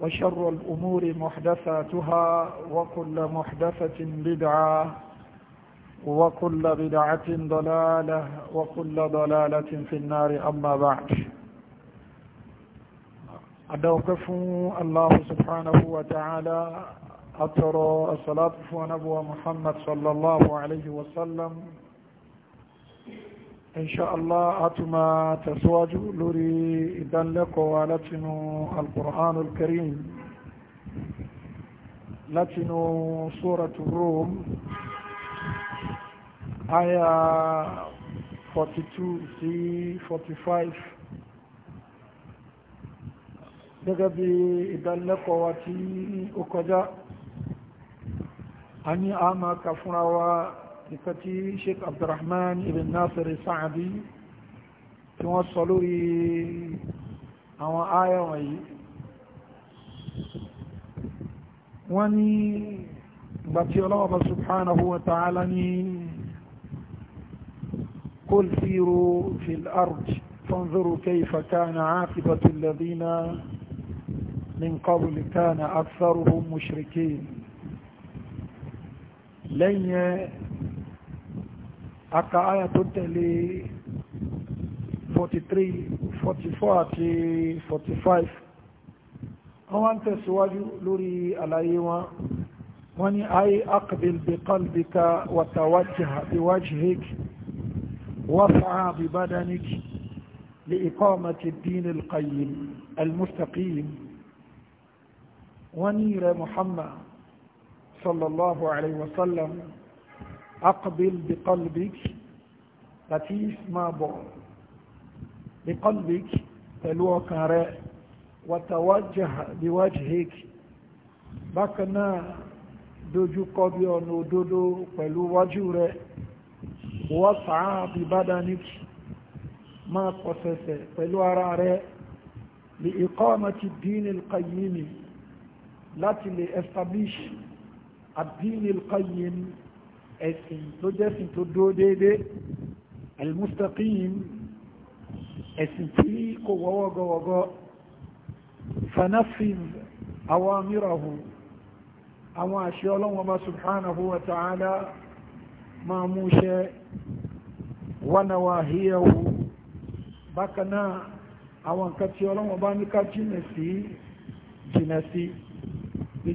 وشر الأمور محدثاتها وكل محدثة بدعة وكل بدعة ضلالة وكل ضلالة في النار أما بعد أدوقف الله سبحانه وتعالى أترى الصلاة ونبوة محمد صلى الله عليه وسلم inṣáàlá àtúmà tẹ̀síwájú lórí ìdánilẹ́kọ̀ọ́ látinú alkùránul karim látinú sóràtù rome aya 42 sí 45 gẹ́gẹ́ bí ìdánilẹ́kọ̀ọ́ wa tí ó kọjá a ní a máa kà fúnra wa nǹkan tí sheikh abdulrahman ibn nasir sa'adi tí wọ́n sọ lórí àwọn áyà wọ̀nyí wọ́n ní ìgbàtí ọlọ́wọ́ bá subhanahu wa ta'ala ní قل سيروا في الأرض فانظروا كيف كان عاقبة الذين من قبل كان أكثرهم مشركين lẹ́yìn aka aya tó tẹ̀lé 43 44 àti 45 wọ́n wá ń tẹ̀síwájú lórí àlàyé wọn wọ́n ní ayé aqbil bi qalbika wa tawajjah bi wajhik واسعى ببدنك لإقامة الدين القيم المستقيم ونير محمد صلى الله عليه وسلم أقبل بقلبك that is ما بعض بقلبك تلوك راء وتوجه بوجهك بكنا dojú kọ bí ọ̀nà òdodo pẹ̀lú wájú rẹ̀ wọ́sàá bí bádaníkì máa pọ̀sẹ̀sẹ̀ pẹ̀lú ara rẹ̀ lè iqamati dínil qayyim láti lè establish àdínil qayyim ẹ̀sìn ló jẹ́sìn tó dúró déédéé al-mustaqim ẹ̀sìn tí kò wọ́wọ́gọ́wọ́gọ́ fanafin awamirahu àwọn àṣẹ ọlọ́wọ́n bá subhanahu wa ta'ala máa mú ṣẹ wa nawahiyahu bákanáà àwọn nǹkan ọlọ́wọ́n bá ní ká jìnà sí jìnà sí bi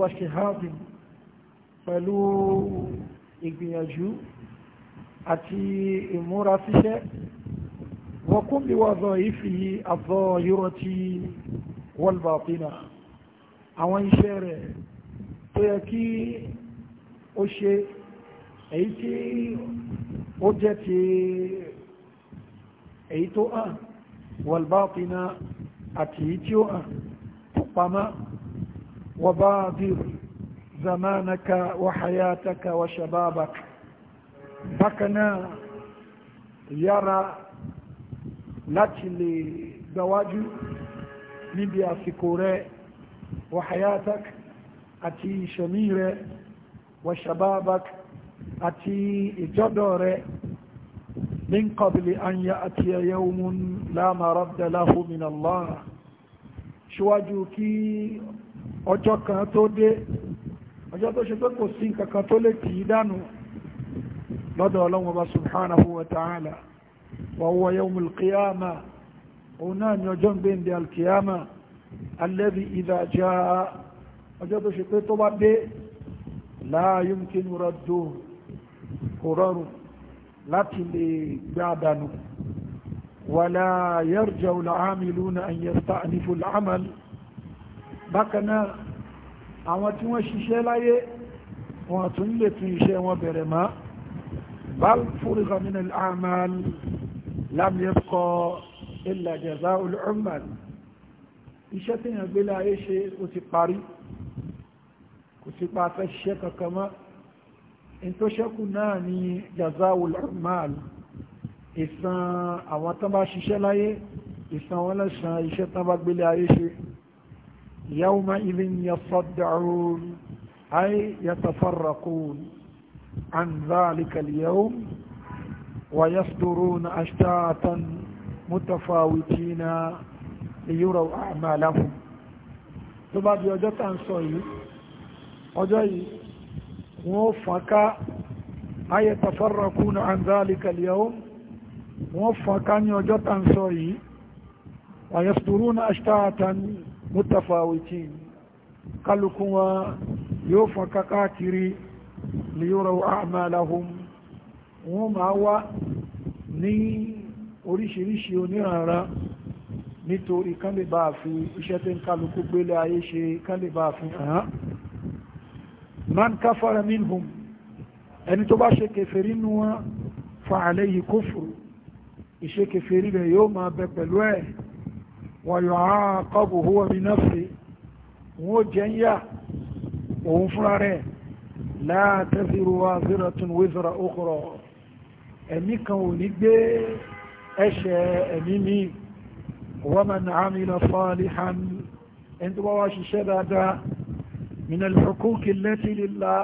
wa shihabin pẹ̀lú ìgbìyànjú àti ìmúra síṣẹ́ wọ́kún bí wọ́n zọ ìfì àzọ yúrọ tí wọ́lbà pínà àwọn iṣẹ́ rẹ̀ tó yẹ kí ó ṣe èyí tí ó jẹ́ ti èyí tó hàn wọ́lbà pínà àti èyí tí ó hàn tó pamá wọ́bá bírì زمانك وحياتك وشبابك بكنا يرى láti lè gbáwájú níbi àsìkò rẹ wa hayatak àti ìṣẹ̀mí rẹ wa shababak àti ìjọ́dọ̀ rẹ min qabli an ya'tiya yawmun la maradda lahu min Allah ṣíwájú kí ọjọ́ kan tó dé ọjọ́ tó ṣe pé kò sí kankan tó lè tì í dànù lọ́dọ̀ ọlọ́run ọba subhanahu wa ta'ala wa huwa yawmul qiyama òun náà ni ọjọ́ ń gbé ń di alkiyama alladhi idha jaa ọjọ́ tó ṣe pé tó bá dé àwọn tí wọ́n ṣiṣẹ́ láyé wọn tún lè tún iṣẹ́ wọn bẹ̀rẹ̀ mọ́ bal fúrìgà nínú àmàl lámìẹ́kọ́ illa jazaa'ul umal iṣẹ́ tí yàn gbé láyé ṣe ó ti parí kò sí pa fẹ́ ṣiṣẹ́ kankan mọ́ in tó ṣẹ́kù náà ni jazaa'ul umal ìsan àwọn tán bá ṣiṣẹ́ láyé ìsan wọn lẹ́san iṣẹ́ tán bá gbélé ayé ṣe يومئذ يصدعون أي يتفرقون عن ذلك اليوم ويصدرون أشتاة متفاوتين ليروا أعمالهم ثم يوجد أن سوي وجاي موفقا أي يتفرقون عن ذلك اليوم موفقا يوجد أن سوي ويصدرون أشتاة mutafawitin kálukú wọn yóò fọn kákàkiri liyuraw a'malahum wọ́n máa wá ní oríṣiríṣi oníranra nítorí kán lè bá fi iṣẹ́ tí ń kálukú gbélé ayé ṣe kán lè bá fi hàn man káfàrà minhum ẹni tó bá ṣe kèfèrí nú wọn fa alayhi kufru ìṣe kèfèrí rẹ̀ yóò máa bẹ pẹ̀lú ẹ̀ wọ́n yọ àákọ́bù owó mi náà fi wọ́n ó jẹ́ ń yà òun fúnra rẹ̀ láàtẹ́sìrò wa zero tún wíṣọ́ra okòrò ẹ̀mí kan ò ní gbé ẹ̀ṣẹ̀ ẹ̀mí mi wọ́n máa ní àmì lọ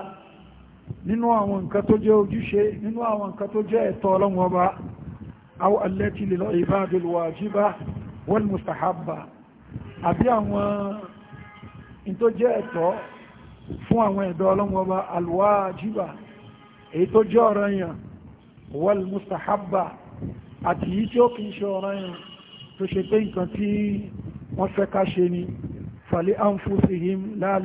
nínú àwọn nǹkan tó jẹ́ ojúṣe nínú àwọn nǹkan tó jẹ́ ẹ̀tọ́ ọlọ́run ọba aw allati lil ibadil wal mustahabba àbí àwọn tó jẹ́ ẹ̀tọ́ fún àwọn ẹ̀dọ́ ọlọ́mọba alwajiba èyí tó jẹ́ ọ̀ranyàn wal mustahabba àti yìí tí ó kìí ṣe ọ̀ranyàn tó ṣe pé nǹkan tí wọ́n fẹ́ ká ṣe ni fali anfusihim la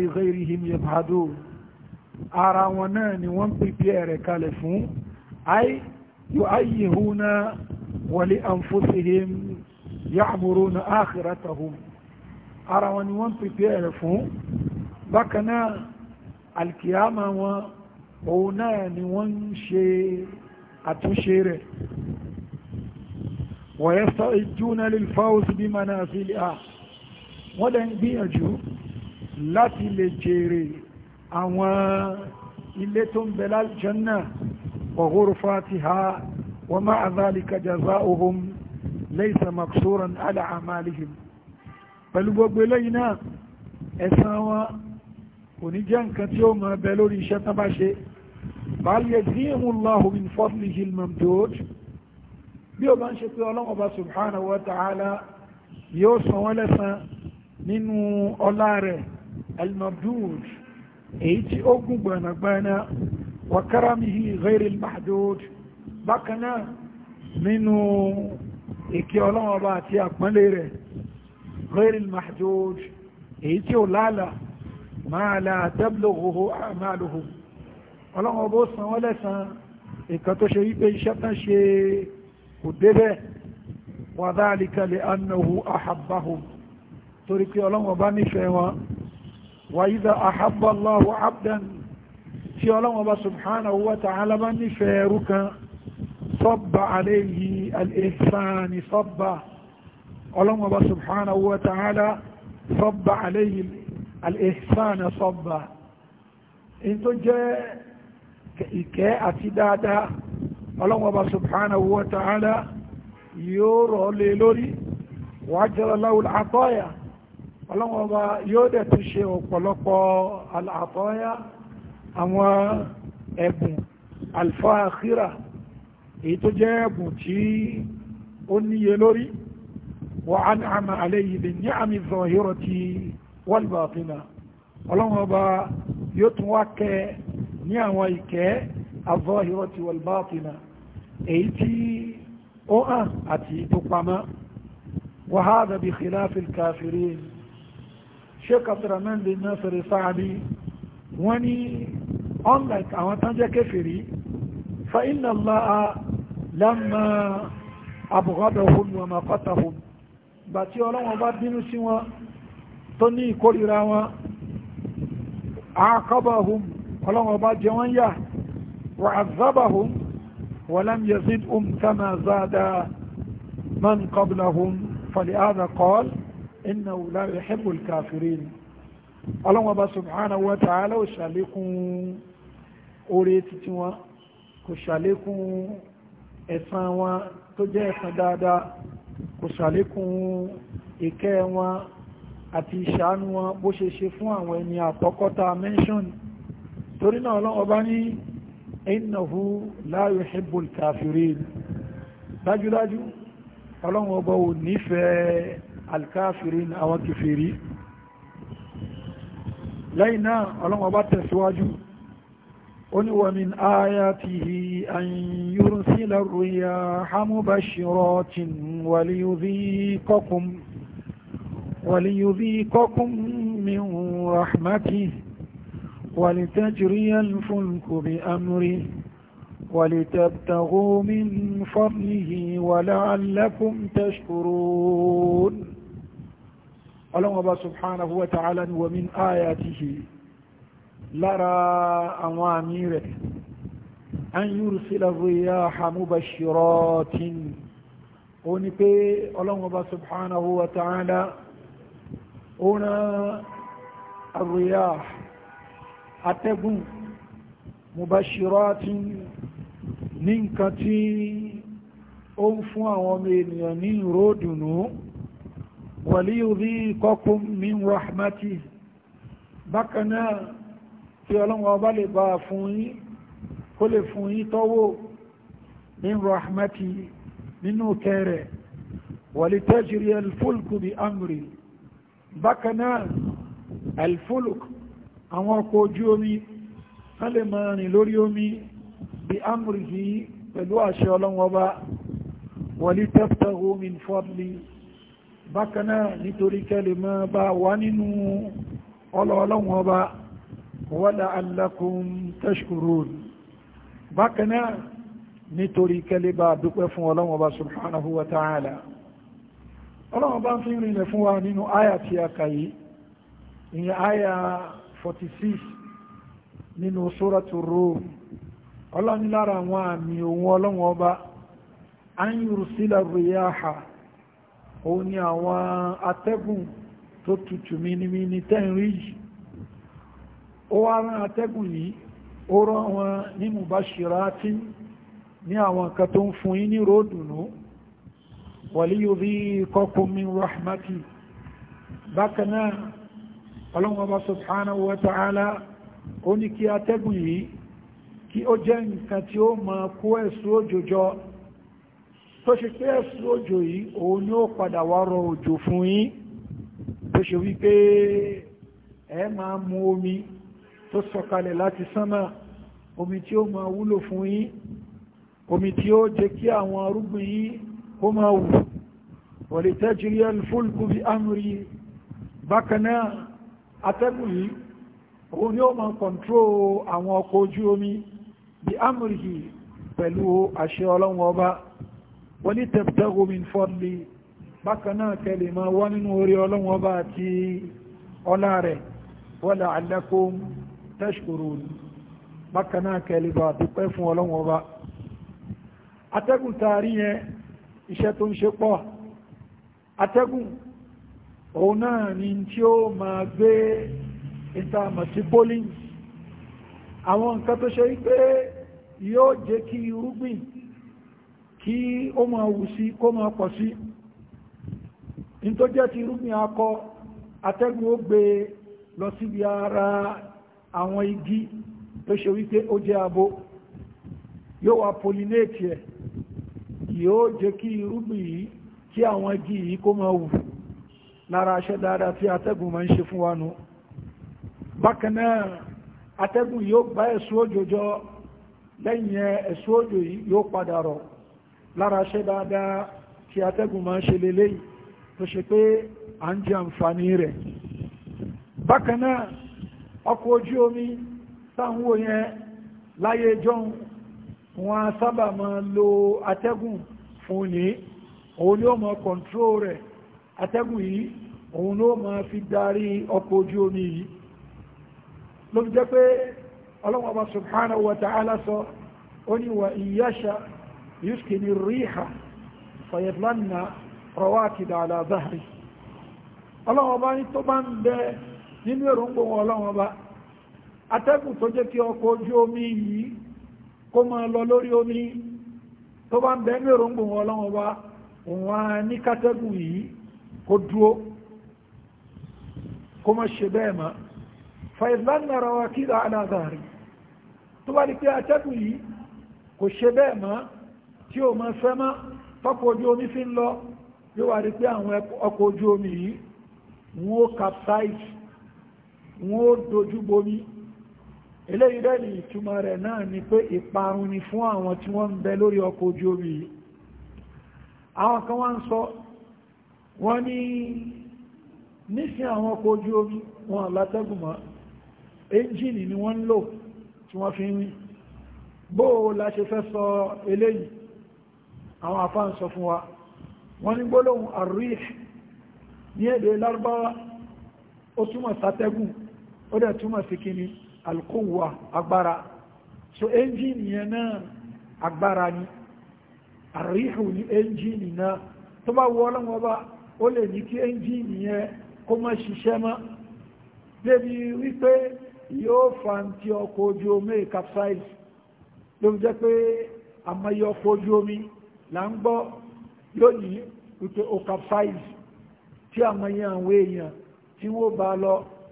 ya'muruna akhiratahum ara wọn ni wọ́n pèpè fún bákan náà alkiyama wọn òun náà ni wọ́n ń ṣe àtúnṣe rẹ̀ wa yasta'iduna lil fawz bi manaziliha wọ́n dẹ̀ ń gbìyànjú láti lè jèrè àwọn ilé tó ń bẹ láljanna wa ghurfatiha wa ma'a dhalika jazaohum laysa maqsuran ala amalihim pẹ̀lú gbogbo eléyìí náà ẹ̀san wọn kò ní jẹ́ nǹkan tí ó máa bẹ lórí iṣẹ́ tán bá ṣe bal yajzihimullahu min fadlihi al-mamdud bí o bá ń ṣe pé ọlọ́wọ́ bá subhanahu wa ta'ala yóò san wọ́n lẹ́san nínú ọlá rẹ̀ al-mamdud èyí tí ó gùn gbọ̀nàgbọ̀nà wa karamihi ghayril mahdud bákan náà nínú ìkẹ́ ọlọ́run ọba àti àpọ́nlé rẹ̀ rẹ́rìn mahjúd èyí tí ó lálà máa la tẹ́blòhòhò àmàlòhò ọlọ́run ọba ó san wọ́n lẹ́san ìkan tó ṣe wípé iṣẹ́ tán ṣe kò débẹ̀ wàdálìkà lè annahu ahabbahu sọ́bà aléyí al'ifani sọ́bà ọlọ́mọba subhanahu wa ta'ala sọ́bà aléyí al'ifani sọ́bà in tó jẹ́ ìkẹ́ àti dáadáa ọlọ́mọba subhanahu wa ta'ala yóò rọ̀ lé lórí wàájọ́ láwùl àtọ́yà ọlọ́mọba yóò èyí tó jẹ́ ẹ̀bùn tí ó níye lórí wa an'ama alayhi bin ni'ami zahirati wal batina ọlọ́run ọba yóò tún wá kẹ ní àwọn ìkẹ́ az-zahirati wal batina èyí tí ó hàn àti tó pamọ́ wa hadha bi khilafil kafirin sheikh abdulrahman bin nasir sa'adi wọ́n ní unlike àwọn tán jẹ́ kèfèrí فإن الله لما أبغضهم وما قتهم باتي ولما بدين سوا تني كوريرا عاقبهم ولما بجوان يا وعذبهم ولم يزدهم كما زاد من قبلهم فلهذا قال إنه لا يحب الكافرين ولما سبحانه وتعالى وشالكم أريد سوا kò ṣàlékún ẹ̀san wọn tó jẹ́ ẹ̀san dáadáa kò ṣàlékún ìkẹ́ wọn àti ìṣàánú wọn bó ṣe ṣe fún àwọn ẹni àkọ́kọ́ta mention torí náà ọlọ́wọ́ bá ní innahu la yuhibbul kafirin dájúdájú ọlọ́wọ́ ọba ò nífẹ̀ẹ́ alkafirin àwọn kìfèrí lẹ́yìn náà ọlọ́wọ́ bá tẹ̀síwájú قل ومن آياته أن يرسل الرياح مبشرات وليذيقكم وليذيقكم من رحمته ولتجري الفلك بأمره ولتبتغوا من فضله ولعلكم تشكرون الله سبحانه وتعالى ومن آياته lára àwọn àmì rẹ̀ an yursila riyaha mubashiratin ó ní pé ọlọ́run ọba subhanahu wa ta'ala ó rán الرياح atẹ́gùn mubashiratin ní nǹkan tí ó ń fún àwọn ọmọ ènìyàn ní ìròdùnú waliyudhiqakum min rahmati bákanáà kí ọlọ́run ọba lè bá fún yín kó lè fún yín tọ́wọ́ ní rahmati nínú kẹrẹ wàlítẹ́jìrì alfulku bí amri bákanáà alfulku àwọn ọkọ̀ ojú omi wọ́n lè máa rìn lórí omi bí amri yìí pẹ̀lú àṣẹ ọlọ́run ọba wàlítẹ́fẹ́hó min fadli bákanáà nítorí kẹlẹ̀ máa bá wà nínú ọlọ́ọ̀lọ́run ọba ولعلكم تشكرون بكنا nítorí kẹlẹ́bà dúpẹ́ fún ọlọ́run ọba subhanahu wa ta'ala ọlọ́run ọba ń fi rìnlẹ̀ fún wa nínú àyà tí a kà ìyẹn àyà 46 nínú suratu Rum ọlọ́run lára àwọn àmì ohun ọlọ́run ọba an yursila riyaha òun ni àwọn atẹ́gùn tó tutù mímímí tẹ́ǹrí yìí ó wá rán atẹ́gùn yìí ó rán wọn ní mubashirati ní àwọn nǹkan tó ń fún yín ní ròdùnú waliyudhiqakum min rahmati bákan náà ọlọ́wọ́n bá subhanahu wa ta'ala ó ní kí atẹ́gùn yìí kí ó jẹ́ nǹkan tí ó máa kó ẹ̀sùn òjò jọ tó ṣe pé ẹ̀sùn òjò yìí òun ni ó padà wá rọ òjò fún yín tó ṣe wípé ẹ máa mu omi tó sọ̀kalẹ̀ láti sánmà omi tí ó máa wúlò fún yín omi tí ó jẹ kí àwọn arúgbìn yín kó máa wù wọ̀lẹ̀ tẹ́jìrí alfúlkù bí amúrí bákanáà atẹ́gùn yìí òun ni ó máa kọ̀ntró àwọn ọkọ̀ ojú omi bí amúrí yìí pẹ̀lú àṣẹ ọlọ́run ọba wọ́n ní tẹ̀pẹ̀tẹ̀gùn min máa wá nínú orí ọlọ́run ọba àti ọlá rẹ̀ wọ́lẹ̀ alákòó tashkurun bákan náà kẹlẹ́bà dúpẹ́ fún ọlọ́run ọba atẹ́gùn taari yẹn iṣẹ́ tó ń ṣe pọ̀ atẹ́gùn òun náà ni tí ó máa gbé ìtààmà sí bowling àwọn nǹkan tó ṣe wípé yóò jẹ́ kí irúgbìn kí ó máa wù sí kó máa pọ̀ sí ní tó jẹ́ ti irúgbìn akọ atẹ́gùn ó gbé lọ síbi ara àwọn igi tó ṣe wípé ó jẹ́ abo yóò wá pollinate ẹ̀ yóò jẹ́ kí irúgbìn yìí kí àwọn igi yìí kó máa wù lára aṣẹ́ dáadáa tí atẹ́gùn máa ń ṣe fún wa nù bákan náà atẹ́gùn yóò bá ẹ̀sùn òjò lẹ́yìn ẹ̀sùn òjò yìí yóò padà rọ̀ lára aṣẹ́ dáadáa tí atẹ́gùn máa ń ṣe lélẹ́yìí tó ṣe pé à ń jẹ àǹfààní rẹ̀ bákan náà ọkọ̀ ojú omi táwọn yẹn láyé jọun wọn sábà máa lo atẹ́gùn fún ní òun ni ó máa kọ̀ntró rẹ̀ atẹ́gùn yìí òun ni ó máa fi darí ọkọ̀ ojú omi yìí ló fi jẹ́ pé ọlọ́wọ́ subhanahu wa ta'ala sọ ó ní wa ìyáṣà yuskini ríha fayetlanna rọwákìdà ala zahri ní tó bá ń bẹ́ẹ̀ nínú èròǹgbò wọn ọlọ́wọ́n bá atẹ́kùn tó jẹ́ kí ọkọ̀ ojú omi yìí kó máa lọ lórí omi tó bá ń bẹ ní èròǹgbò wọn ọlọ́wọ́n bá òun á ní kátẹ́gùn yìí kó dúó kó má ṣe bẹ́ẹ̀ mọ́ fàìlànà ara wa kí láàrín tó bá di pé atẹ́kùn yìí kò ṣe bẹ́ẹ̀ mọ́ tí ó máa fẹ́ mọ́ tọ́kọ̀ ojú omi fi ń lọ yóò wá di pé àwọn ọkọ̀ ojú omi yìí wọ́n capsize wọ́n ó dojú bomi eléyìí rẹ̀ ní ìtumọ̀ rẹ̀ náà ni pé ìparun ni fún àwọn tí wọ́n ń bẹ lórí ọkọ̀ ojú omi yìí àwọn kan wọ́n ń sọ wọ́n ní nísìn àwọn ọkọ̀ ojú omi wọn látẹ́gùnmọ́ ẹ́ńjìnì ni wọ́n ń lò tí wọ́n fi ń rìn la ṣe fẹ́ sọ eléyìí àwọn àfá ń sọ fún wa wọ́n ní gbólóhùn àríṣ ní èdè lárúbáwá ó túmọ̀ sátẹ́gùn ó dẹ̀ túmọ̀ sí kí ni alkówà agbára so ẹ́ńjìnì yẹn náà agbára ni àríhù ni ẹ́ńjìnì náà tó bá wọ́ ọlọ́wọ́ bá ó lè ní kí ẹ́ńjìnì yẹn kó má ṣiṣẹ́ mọ́ débi wípé yóò fa ti ọkọ̀ ojú omi capsize ló ń jẹ́ pé àmọ́yẹ ọkọ̀ ojú omi là ń gbọ́ lónìí wípé ó capsize tí àmọ́yẹ àwọn èèyàn tí wọ́n bá lọ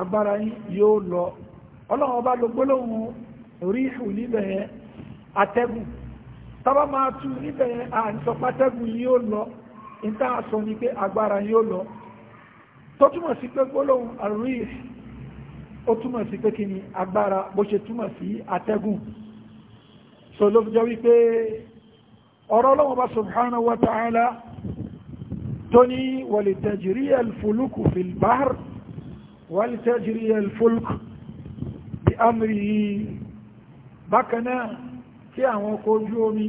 agbára yín yóò lọ ọlọ́run ọba ló gbólóhùn orí ìhù níbẹ̀ yẹn atẹ́gùn tábà máa tú níbẹ̀ yẹn à ń sọ pé atẹ́gùn yìí yóò lọ níta sọ ni pé agbára yóò lọ tó túmọ̀ sí pé gbólóhùn àrùn ìhù ó túmọ̀ sí pé kí ni agbára bó ṣe túmọ̀ sí atẹ́gùn so ló fi jẹ́ wípé ọ̀rọ̀ ọlọ́run ọba subhanahu wa ta'ala tó ní wọ̀lẹ̀tẹ̀jìrí ẹ̀lfùlùkù fìlbáhàrù ولتجري الفلك بأمره بكنا kí àwọn ọkọ̀ ojú omi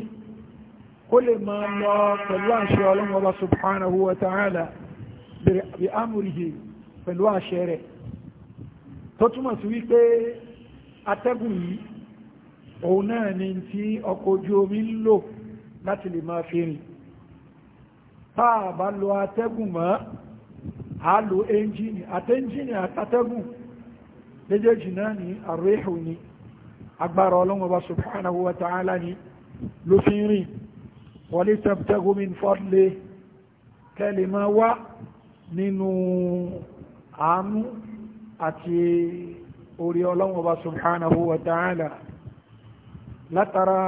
kó lè máa lọ pẹ̀lú àṣẹ ọlọ́run ọba subhanahu wa ta'ala bí amúrìhì pẹ̀lú àṣẹ rẹ̀ tó túmọ̀ sí wípé atẹ́gùn yìí òun náà ni tí ọkọ̀ ojú omi ń lò láti lè máa fi rìn táà bá lo atẹ́gùn mọ́ a lo ẹnjìnì àtẹ́njìnì àtàtẹ́gùn méjèèjì náà ní àrẹ́hù ni agbára ọlọ́run ọba subhanahu wa ta'ala ni ló fi ń rìn wọlé tabtaghu min fadli kẹ́lẹ̀ máa wá nínú àánú àti orí ọlọ́run ọba subhanahu wa ta'ala látara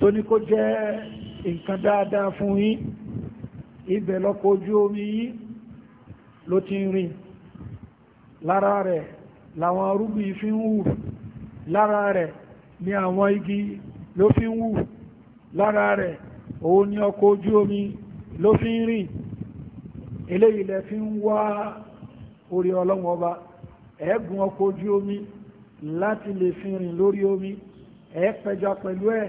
tó ní kó jẹ́ nǹkan dáadáa fún yín ibẹ̀ lọ́kọ̀ ojú omi yín ló ti rìn lára rẹ̀ làwọn arúgbìn fi ń wù lára rẹ̀ ni àwọn igi ló fi ń wù lára rẹ̀ òun ni ọkọ̀ ojú omi ló fi ń rìn eléyìí lẹ fi ń wá orí ọlọ́wọ́n ọba ẹ̀ẹ́gùn ọkọ̀ ojú omi láti lè fi rìn lórí omi ẹ̀ẹ́ pẹ̀lú ẹ̀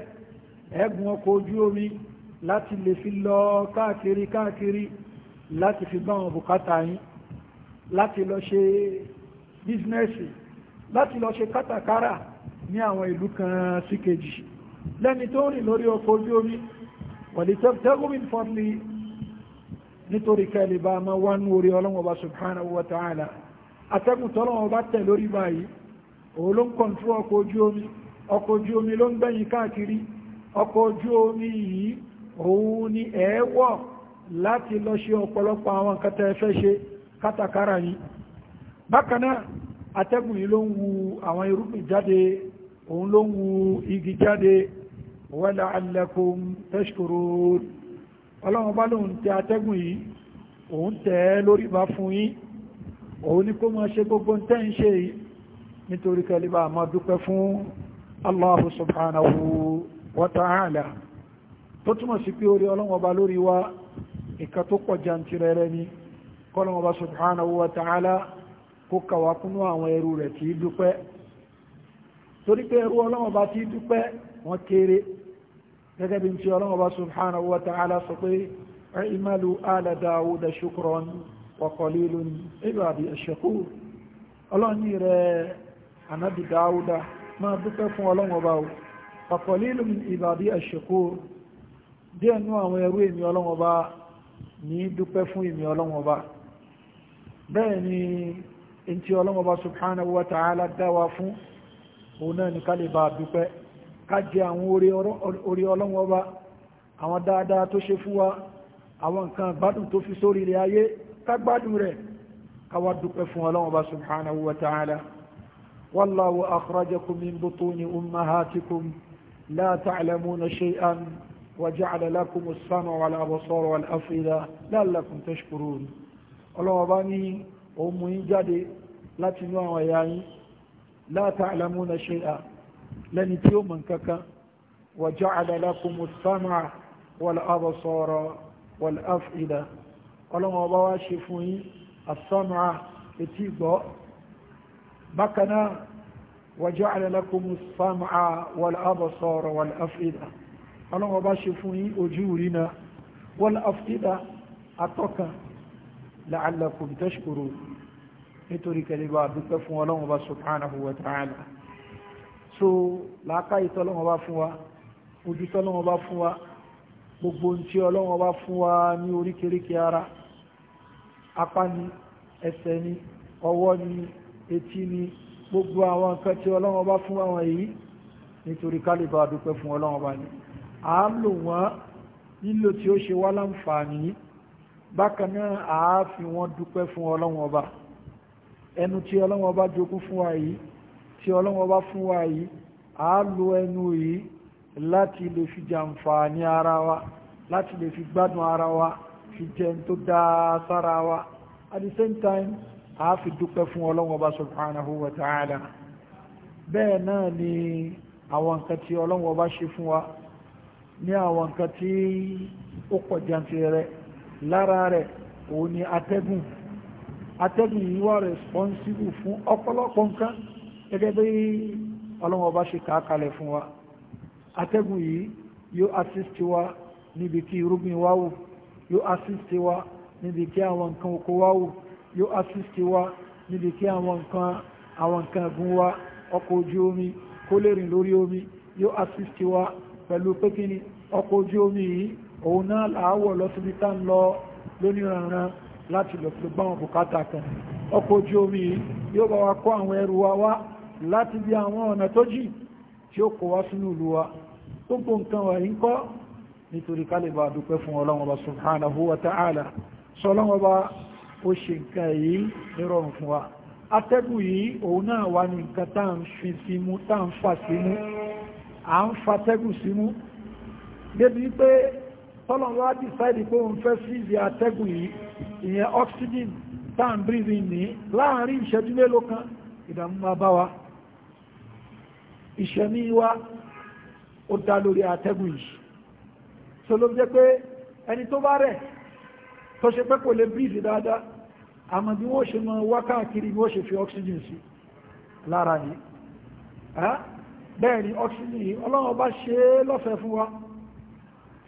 ẹgùn ọkọ̀ ojú omi láti lè fi lọ káàkiri káàkiri láti fi bá wọn bùkátà yín láti lọ ṣe bísínẹ́sì láti lọ ṣe kátàkárà ní àwọn ìlú kan sí kejì lẹ́ni tó rìn lórí ọkọ̀ ojú omi wàlítẹ́gùnmín fọ́nlì nítorí kẹlìbà ma wá ní orí ọlọ́wọ́ba subhanahu wa ta'ala atẹ́gùn tọ́lọ́wọ́ bá tẹ̀ lórí báyìí òun ló ń kọ̀ntró ọkọ̀ ojú omi ọkọ̀ ojú omi ló ń gbẹ̀yìn káàkiri ọkọ̀ ojú omi yìí òun ni ẹ̀ẹ́wọ̀ láti lọ ṣe ọ̀pọ̀lọpọ̀ àwọn kẹta ẹfẹ́ ṣe kátàkárà yìí bákanáà atẹ́gùn yìí ló ń wu àwọn irúgbìn jáde òun ló ń wu igi jáde wala alakum tashkurun ọlọ́run bá lóun tẹ atẹ́gùn yìí òun tẹ́ lórí bá fún yín òun ni kó máa subhanahu wa ta'ala tó túnmọ̀ sí pé orí ọlọ́run ọba lórí wa ìka tó pọ̀ jantirẹrẹ ni kọ́lọ́run ọba subhanahu wa ta'ala kó kàwá kúnú àwọn ẹrú rẹ̀ tí í dúpẹ́ torí pé ẹrú ọlọ́run tí dúpẹ́ wọ́n kéré gẹ́gẹ́ bí ti ọlọ́run subhanahu wa ta'ala sọ pé fàkọ̀lílù ìbàdí àṣekó díẹ̀ nú àwọn ẹrú èmi ọlọ́wọ́ bá ní dúpẹ́ fún èmi ọlọ́wọ́ bá bẹ́ẹ̀ ni in ti ọlọ́wọ́ bá subhanahu wa ta'ala dáwà fún òun náà ni ká lè bá dúpẹ́ ká jẹ àwọn orí ọlọ́wọ́ bá àwọn dáadáa tó ṣe fún wa àwọn nǹkan gbádùn tó fi sórí rẹ̀ ayé ká rẹ̀ ká dúpẹ́ fún ọlọ́wọ́ subhanahu wa ta'ala wallahu akhrajakum min butuni ummahatikum لا تعلمون شيئا وجعل لكم السمع والأبصار والأفئدة لعلكم تشكرون ọlọ́wọ́ bá ní ohun yí jáde láti inú àwọn ẹ̀yà yín la ta'lamuna shay'a lẹ́ni tí ó mọ̀ kankan wa ja'ala lakumu as-sam'a wal absara wá ṣe fún yín as etí gbọ́ bákan وجعل لكم السمع والأبصار والأفئدة أنا أباشفني أجورنا والأفئدة أتوكا لعلكم تشكرون nítorí kẹlẹ́gbà dúpẹ́ fún ọlọ́run ọba subhanahu wa ta'ala so làákàyè tọ́lọ́run ọba fún wa ojú tọ́lọ́run ọba fún wa gbogbo ntí ọlọ́run ni ọwọ́ ni etí ni gbogbo àwọn nǹkan tí ọlọ́wọ́n bá fún àwọn yìí nítorí kálíbà dúpẹ́ fún ọlọ́wọ́n bá ní à ń lò wọ́n nílò tí ó ṣe wá láǹfààní bákan náà à á fi wọ́n dúpẹ́ fún ọlọ́wọ́n bá ẹnu tí ọlọ́wọ́n bá jogún fún wa yìí tí ọlọ́wọ́n bá fún wa yìí à ẹnu yìí láti lè fi jàǹfààní ara wa láti lè fi gbádùn ara wa fi jẹun tó dáa sára wa at the same time a fi dúpẹ́ fún ọlọ́run ọba subhanahu wa ta'ala bẹ́ẹ̀ náà ni àwọn nǹkan tí ọlọ́run ọba ṣe fún wa ní àwọn nǹkan tí ó pọ̀ jantirẹrẹ lára rẹ̀ òun ni atẹ́gùn atẹ́gùn yìí wà responsible fún ọ̀pọ̀lọpọ̀ nǹkan gẹ́gẹ́ bí ọlọ́run ọba ṣe kàákalẹ̀ fún wa atẹ́gùn yìí yóò assist wa níbi kí irúgbìn wa wù yóò assist wa níbi kí àwọn nǹkan oko wa wù yóò assist wa níbi kí àwọn nǹkan ẹ̀gùn wa ọkọ̀ ojú omi kó lè rìn lórí omi yóò assist wa pẹ̀lú pé ni ọkọ̀ ojú omi yìí òun náà làáwọ̀ lọ́túbí tá ń lọ lóníranran láti lọ fi gbáwọn bùkátà kan ọkọ̀ ojú omi yìí yóò bá wa kó àwọn ẹrù wa wá láti bí àwọn ọ̀nà tó jì tí ó kó wá sínú ìlú wa gbogbo nǹkan wà ń kọ́ nítorí kálíbà dúpẹ́ fún ọlọ́wọ́n bá subhanahu wa ta'ala sọlọ́wọ́n bá ó ṣe nǹkan èyí nírọ̀rùn fún wa atẹ́gùn yìí òun náà wà ní nǹkan tá à ń fi símú tá ń fà símú à ń fa atẹ́gùn símú débi pé tọ́lọ̀wọ́ á dìsáìdì pé òun fẹ́ sí ìdí atẹ́gùn yìí ìyẹn oxygen tá à ń bírí ní láàrin ìṣẹ́jú mélòó kan ìdààmú máa bá wa ìṣẹ̀mí wa ó dá lórí atẹ́gùn yìí tó ló jẹ́ pé ẹni tó bá rẹ̀ tó ṣe pé kò lè bírí dáadáa àmọ́ bí wọ́n ṣe mọ́ wákàkiri bí wọ́n ṣe fi oxygen sí lára ní bẹ́ẹ̀ ni oxygen yìí ọlọ́run bá ṣe lọ́fẹ́ fún wa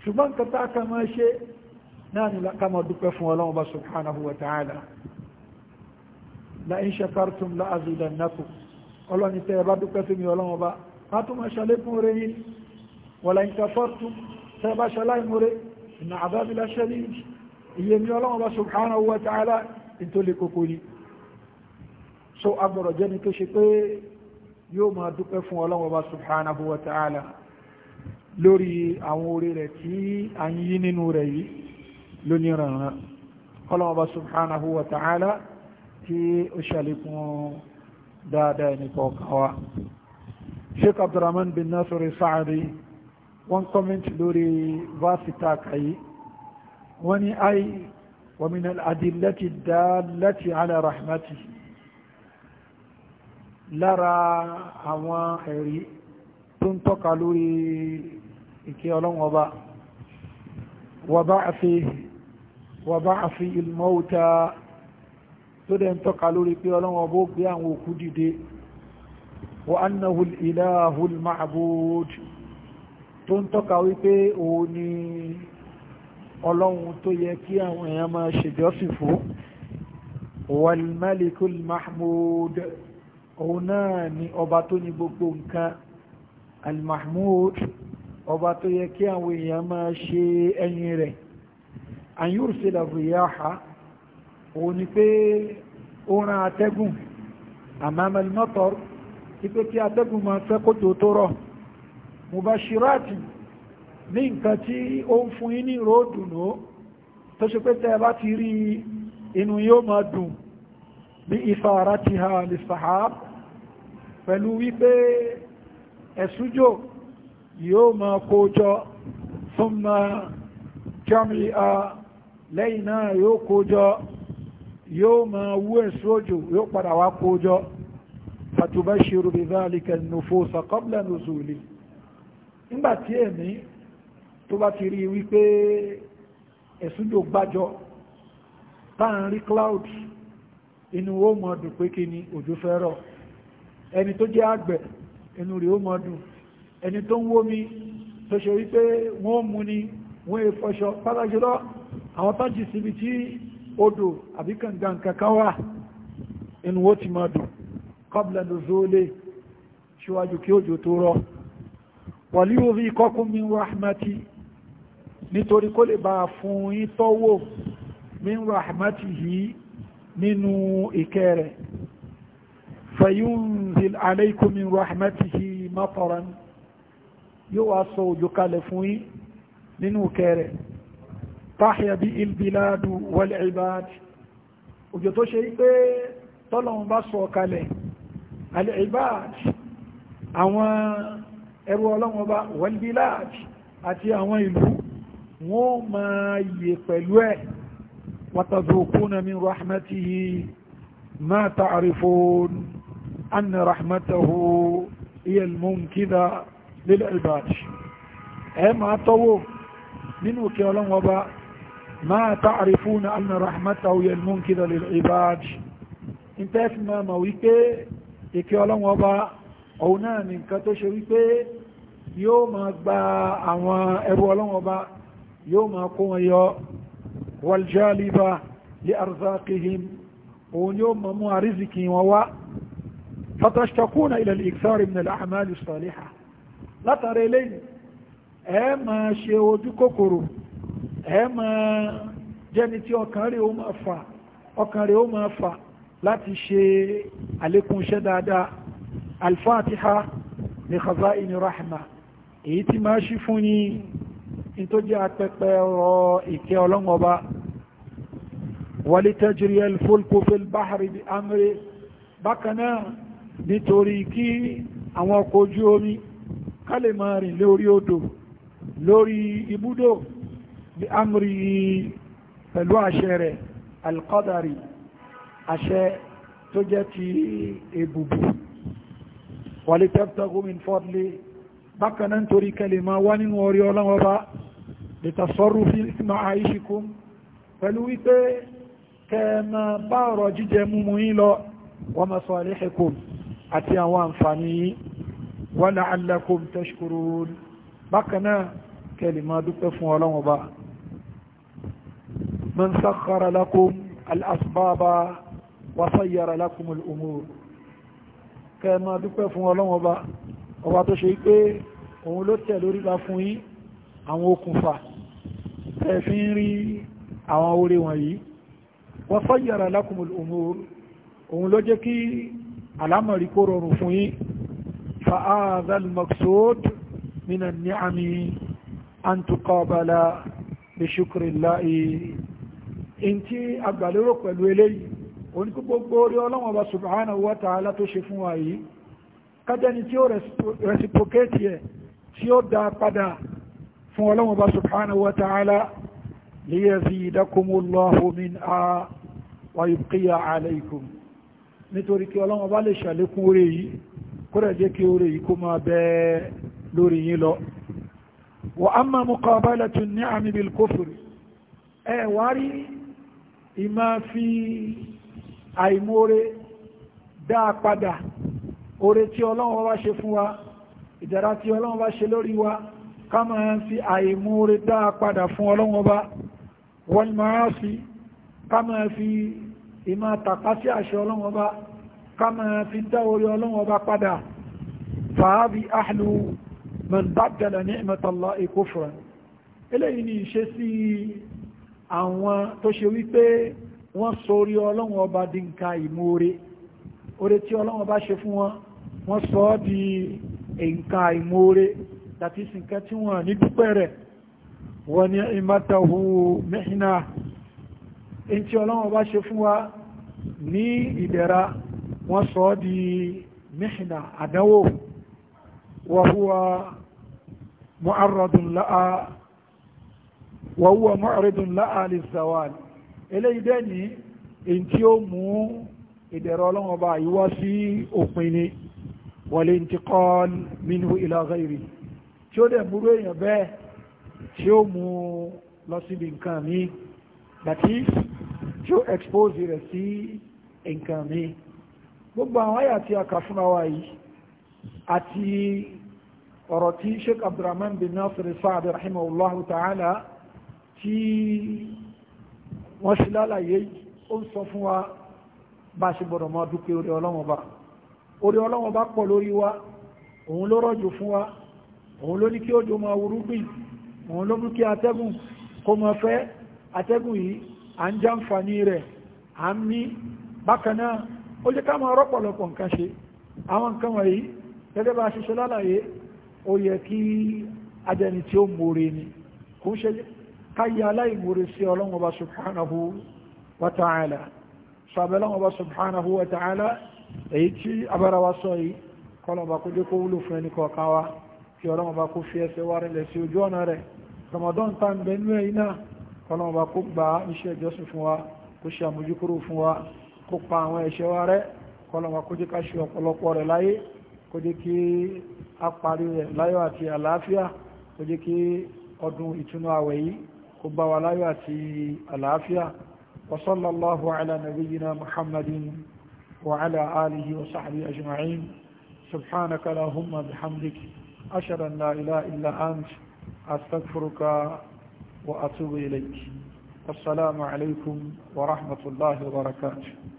ṣùgbọ́n kẹta ká máa ṣe náà ni ká máa dúpẹ́ fún ọlọ́run bá subhanahu wa ta'ala la in shakartum la azidannakum ọlọ́run tẹ́ bá dúpẹ́ fún mi ọlọ́run bá a tún máa ṣàlékún rẹ̀ yìí wala in iye mi ọlọ́run bá subhanahu wa ta'ala tó lè kókó ni so agbọ̀rọ̀ jẹ́ni tó ṣe pé yóò máa dúpẹ́ fún ọlọ́wọ́ bá subhanahu wa ta'ala lórí àwọn orí rẹ̀ tí a ń yí nínú rẹ̀ yìí lónìí rànràn ọlọ́wọ́ bá subhanahu wa ta'ala tí ó ṣàlékún dáadáa ẹni kọ̀ọ̀kan wa sheikh bin nasir sa'adi wọ́n kọ́mẹ́ntì lórí vásítà kàyí wọ́n ní ومن الأدلة الدالة على رحمته lára àwọn ẹ̀rí tó ń tọ́ka lórí ìkẹ́ ọlọ́run ọba wa ba'athi al-mawta tó dẹ̀ ń tọ́ka lórí pé ọlọ́run ọba ó gbé àwọn òkú dìde wa annahu al-ilahu al-ma'bud tó ń tọ́ka wípé òun ni ọlọ́run tó yẹ kí àwọn èèyàn máa ṣèjọ́sìn fún walmalikul mahmud òun náà ni ọba tó ní gbogbo nǹkan almahmud ọba tó yẹ kí àwọn èèyàn máa ṣe ẹyin rẹ̀ anyúrùsílà òun ni pé ó rán atẹ́gùn àmàmàlì mọ́tọ̀rọ̀ kí atẹ́gùn máa fẹ́ kótó tó rọ̀ mubashirati ní nǹkan tí ó ń fún yín ní ròdùnú tó ṣe pé tẹ́ bá ti rí inú yóò máa dùn bí ifaratiha lissahab pẹ̀lú wípé ẹ̀sújò yóò máa kó jọ thumma jamia lẹ́yìn náà yóò kó jọ yóò máa wú ẹ̀sú òjò yóò padà wá kó jọ fatubashiru bi dhalika an-nufusa qabla nuzuli nígbàtí ẹ̀mí tó bá ti rí wípé ẹ̀sùnjò gbájọ táà cloud inú ó mọ̀ dùn pé kí ni òjò fẹ́ rọ̀ ẹni tó jẹ́ àgbẹ̀ inú rí ó mọ̀ dùn ẹni tó ń wómi tó ṣe wípé wọ́n mú ni wọ́n èfọṣọ pátájúlọ àwọn tájì síbi tí odò àbí kàngan wà inú rahmati nítorí kó lè bá fún yín tọ́wò min rahmatihi nínú ìkẹ́ rẹ̀ fayunzil alaykum min rahmatihi mataran yóò wá sọ òjò kalẹ̀ fún yín nínú ìkẹ́ rẹ̀ táhìyà bí ilbiladu wal ibad òjò tó ṣe pé tọ́lọ̀un bá sọ kalẹ̀ al àwọn ẹrù ọlọ́wọ́n bá wal àti àwọn ìlú wọ́n máa yè pẹ̀lú ẹ̀ watadukuna min rahmatihi ma ta'rifun anna rahmatahu hiya al-munkida lil ibad ẹ máa tọ́wọ́ nínú kí ọlọ́wọ́ bá ma ta'rifuna anna rahmatahu hiya al-munkida lil ibad in tẹ́fì máa ma wípé ìkẹ́ ọlọ́wọ́ bá ọ̀hún náà nìkan tó ṣe wípé yóò máa gba àwọn ẹrù ọlọ́wọ́ bá yóò máa kó wọn yọ waljaliba li arzakihim òun yóò máa mú àrízìkì wọn wá fatashtakuna ila al-ikthari min al-a'mal as-salihah látara eléyìí ẹ máa ṣe ojú kòkòrò ẹ máa jẹ́ni tí ọkàn rẹ̀ ó máa fà láti ṣe àlékún iṣẹ́ dáadáa al-fatiha ní rahma èyí tí máa ṣí fún yín in tó jẹ́ apẹpẹ ọ̀rọ̀ ìkẹ́ ọlọ́mọba walitajri al-fulku fil bahri bi amri bákan náà nítorí kí àwọn ọkọ̀ ojú omi ká lè máa rìn lórí odò lórí ibùdó bi amri pẹ̀lú àṣẹ rẹ̀ al àṣẹ tó jẹ́ ti èbùbù walitabtaghu min bákan náà nítorí kẹlẹ̀ máa wá nínú orí ọlọ́wọ́ bá ìtàsọ́rù fi máa àìṣìkún pẹ̀lú wípé kẹ́ẹ̀mà bá ọ̀rọ̀ jíjẹ múmú yí lọ wọ́n máa sọ àléhẹ́kùn àti àwọn àǹfààní wọ́n la'allakum tashkurun bákan náà kẹlẹ̀ máa dúpẹ́ fún ọlọ́wọ́ bá ọba tó ṣe pé òun ló tẹ̀ lórí bá fún yín àwọn okùnfà tẹ̀ fi ń rí àwọn oore wọ̀nyí wọ́n sọ́yàrá lákùnmù òmùr òun ló jẹ́ kí alámọ̀rí kó rọrùn fún yín fa'adhal maqsud min an-ni'ami an tuqabala bi shukrillahi in tí agbàlérò pẹ̀lú eléyìí òní kí gbogbo orí ọlọ́wọ́n bá subhanahu wa ta'ala tó fún wa yìí kájẹ́ni tí ó reciprocate yẹ tí ó dá padà fún ọlọ́wọ́n bá subhanahu wa ta'ala liyazidakumullahu min a wa yubqiya nítorí kí ọlọ́wọ́n bá lè ṣàlékún oore yìí kúrẹ̀ jẹ́ kí oore yìí kó máa bẹ́ lórí yín lọ wa amma muqabalatu ni'ami bil kufri ẹ wá ìdára tí ọlọ́run bá ṣe lórí wa ká máa fi àìmúre dáa padà fún ọlọ́run ọba wọ́n máa fi ká máa fi ìmá tàpá sí àṣẹ ọlọ́run ọba ká máa fi dá orí ọlọ́run ọba padà fàábi ahlu man bàjẹ́lẹ̀ ní ìmọ̀tàlá kufran eléyìí ni ìṣe sí àwọn tó fún wọn wọ́n sọ di nǹkan àìmoore tàbí nǹkan tí wọ́n ní dúpẹ́ rẹ̀ wọ́n ní ìmọ́tàwó mẹ́hìnà èyí tí ọlọ́wọ́ bá ṣe fún wa ní ìdẹ̀ra wọ́n sọ di mẹ́hìnà àdánwò wàhúwa mu'arradun la'a wàhúwa mu'arradun la'a lè zawal eléyìí dẹ́ ní èyí tí ó mú ìdẹ̀ra ọlọ́wọ́ bá yíwá sí òpin ni wal-intiqal minhu ila ghairihi tí ó dẹ̀ múrú èèyàn bẹ́ẹ̀ tí ó mú lọ síbi nǹkan mi dàtí tí ó expose rẹ̀ sí nǹkan mi gbogbo àwọn àyà tí a kà fúnra wa yìí àti ọ̀rọ̀ tí sheikh abdulrahman bin nasir sa'ad rahimahullahu ta'ala tí wọ́n ṣe lálàyé ó ń sọ fún wa bá ṣe gbọ́dọ̀ máa dúpẹ́ orí ọlọ́run orí ọlọ́wọ́n bá pọ̀ lórí wa òun ló rọ̀jò fún wa òun ló ní kí òjò máa wúrúgbìn òun ló mú kí atẹ́gùn kó máa fẹ́ atẹ́gùn yìí à ń jàǹfààní rẹ̀ à ń mí bákan náà ó jẹ́ ká máa rọ́pọ̀lọpọ̀ nǹkan ṣe àwọn nǹkan wọ̀nyí gẹ́gẹ́ bá ṣiṣẹ́ lálàyé ó yẹ kí adẹni tí ó mòrè ni kò ń ṣe káyí aláìmòrè sí ọlọ́wọ́n bá subhanahu wa ta'ala sàbẹ̀lọ́wọ́n bá subhanahu wa ta'ala èyí tí abára wa sọ yìí kọlọ̀bà kó jẹ́ kó wúlò fún ẹni kọ̀ọ̀kan wa kí ọlọ́mọba kó fi ẹsẹ̀ wa rẹ̀lẹ̀ sí ojú ọ̀nà rẹ̀ ramadan tá ń bẹ nú ẹ̀yìn náà kọlọ̀mọba kó gba iṣẹ́ ìjọsìn fún wa kó ṣe àmójúkúrò fún wa kó pa àwọn ẹ̀ṣẹ̀ wa rẹ̀ kọlọ̀mọba kó jẹ́ ká ṣe ọ̀pọ̀lọpọ̀ rẹ̀ láyé kó jẹ́ kí a parí rẹ̀ láyọ̀ àti àlàáfíà kó jẹ́ kí ọdún ìtúnú àwẹ̀ yìí kó bá wa láyọ̀ àti àlàáfíà wa sallallahu ala nabiyyina muhammadin وعلى آله وصحبه أجمعين سبحانك اللهم بحمدك أشهد أن لا إله إلا أنت أستغفرك وأتوب إليك السلام عليكم ورحمة الله وبركاته